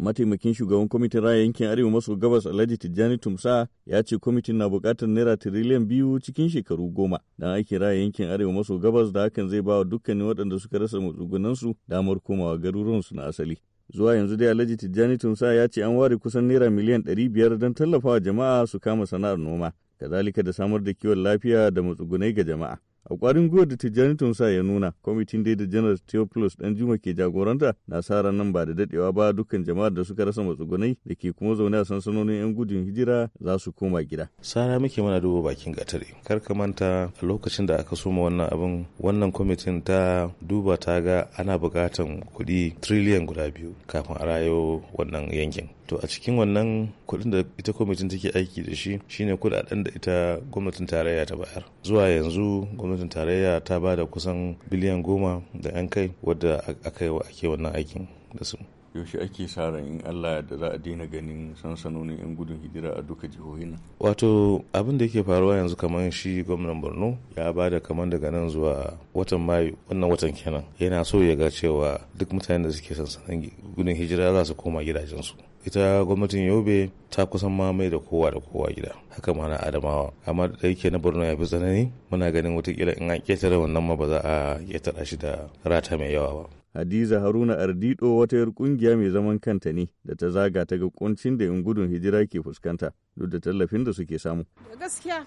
mataimakin shugaban kwamitin raya yankin arewa maso gabas alhaji tijjani tumsa ya ce kwamitin na buƙatar naira tiriliyan biyu cikin shekaru goma don aikin raya yankin arewa maso gabas da hakan zai ba wa dukkanin waɗanda suka rasa matsugunansu damar komawa garuruwansu na asali zuwa yanzu dai alhaji tijjani tumsa ya ce an ware kusan naira miliyan ɗari biyar don tallafawa jama'a su kama sana'ar noma kazalika da samar da kiwon lafiya da matsugunai ga jama'a a kwarin gwiwar da tijjani tunsa ya nuna kwamitin da janar theophilus dan juma ke jagoranta na sa nan ba da dadewa ba dukkan jama'ar da suka rasa matsugunai da ke kuma zaune a sansanonin yan gudun hijira za su koma gida sara muke mana duba bakin gatare kar ka manta a lokacin da aka soma wannan abin wannan kwamitin ta duba ta ga ana bukatan kuɗi triliyan guda biyu kafin a rayo wannan yankin to a cikin wannan kuɗin da ita kwamitin take aiki da shi shine kuɗaɗen da ita gwamnatin tarayya ta bayar zuwa yanzu gwamnatin tarayya ta ba da kusan biliyan goma da 'yan kai wadda aka yi wa ake wannan aikin da su yaushe ake sa ran in Allah da za a daina ganin sansanonin 'yan gudun hijira a duka jihohin nan. Wato abin da yake faruwa yanzu kamar shi gwamnan Borno ya ba da kaman daga nan zuwa watan Mayu wannan watan kenan yana so ya ga cewa duk mutanen da suke sansanin gudun hijira za su koma gidajensu. ita gwamnatin yobe ta kusan mamaye da kowa da kowa gida haka mana adamawa amma da yake na borno ya fi tsanani muna ganin watakila in an ketare wannan ma ba za a ketara shi da rata mai yawa ba Hadiza Haruna Ardido wata yar kungiya mai zaman kanta ne da ta zaga ta ga kuncin da 'yan gudun hijira ke fuskanta duk da tallafin da suke samu. Gaskiya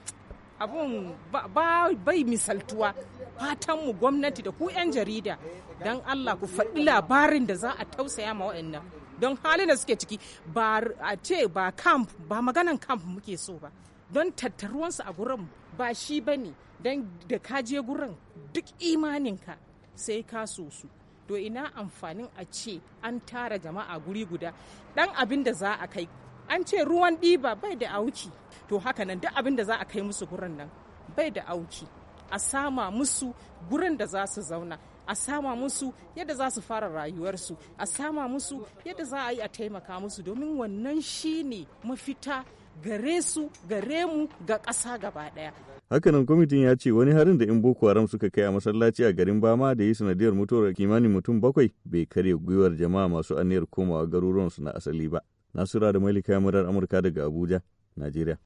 abun bai misaltuwa fatan mu gwamnati da ku 'yan jarida don Allah ku faɗi labarin da za a tausaya ma wa'annan don halin da suke ciki ba a ce ba camp ba maganan camp muke so ba don tattaruwansu a gurin ba shi ba ne don da ka je gurin duk imaninka sai ka so su to ina amfanin a ce an tara jama'a guri guda dan abin da za a kai an ce ruwan ɗiba bai da auki to haka nan duk abin da za a kai musu gurin nan bai da auki a sama musu gurin da za su zauna a sama musu yadda za su fara rayuwarsu a sama musu yadda za a yi a taimaka musu domin wannan shine mafita gare su gare mu ga ƙasa gaba ɗaya Hakanan kwamitin ya ce wani harin da 'yan Boko Haram suka kai a masallaci a garin Bama da yi sanadiyar mutuwar kimanin mutum bakwai bai karya gwiwar jama'a masu aniyar komawa garuruwansu na asali ba. Nasura da Malika Murar Amurka daga Abuja, Najeriya.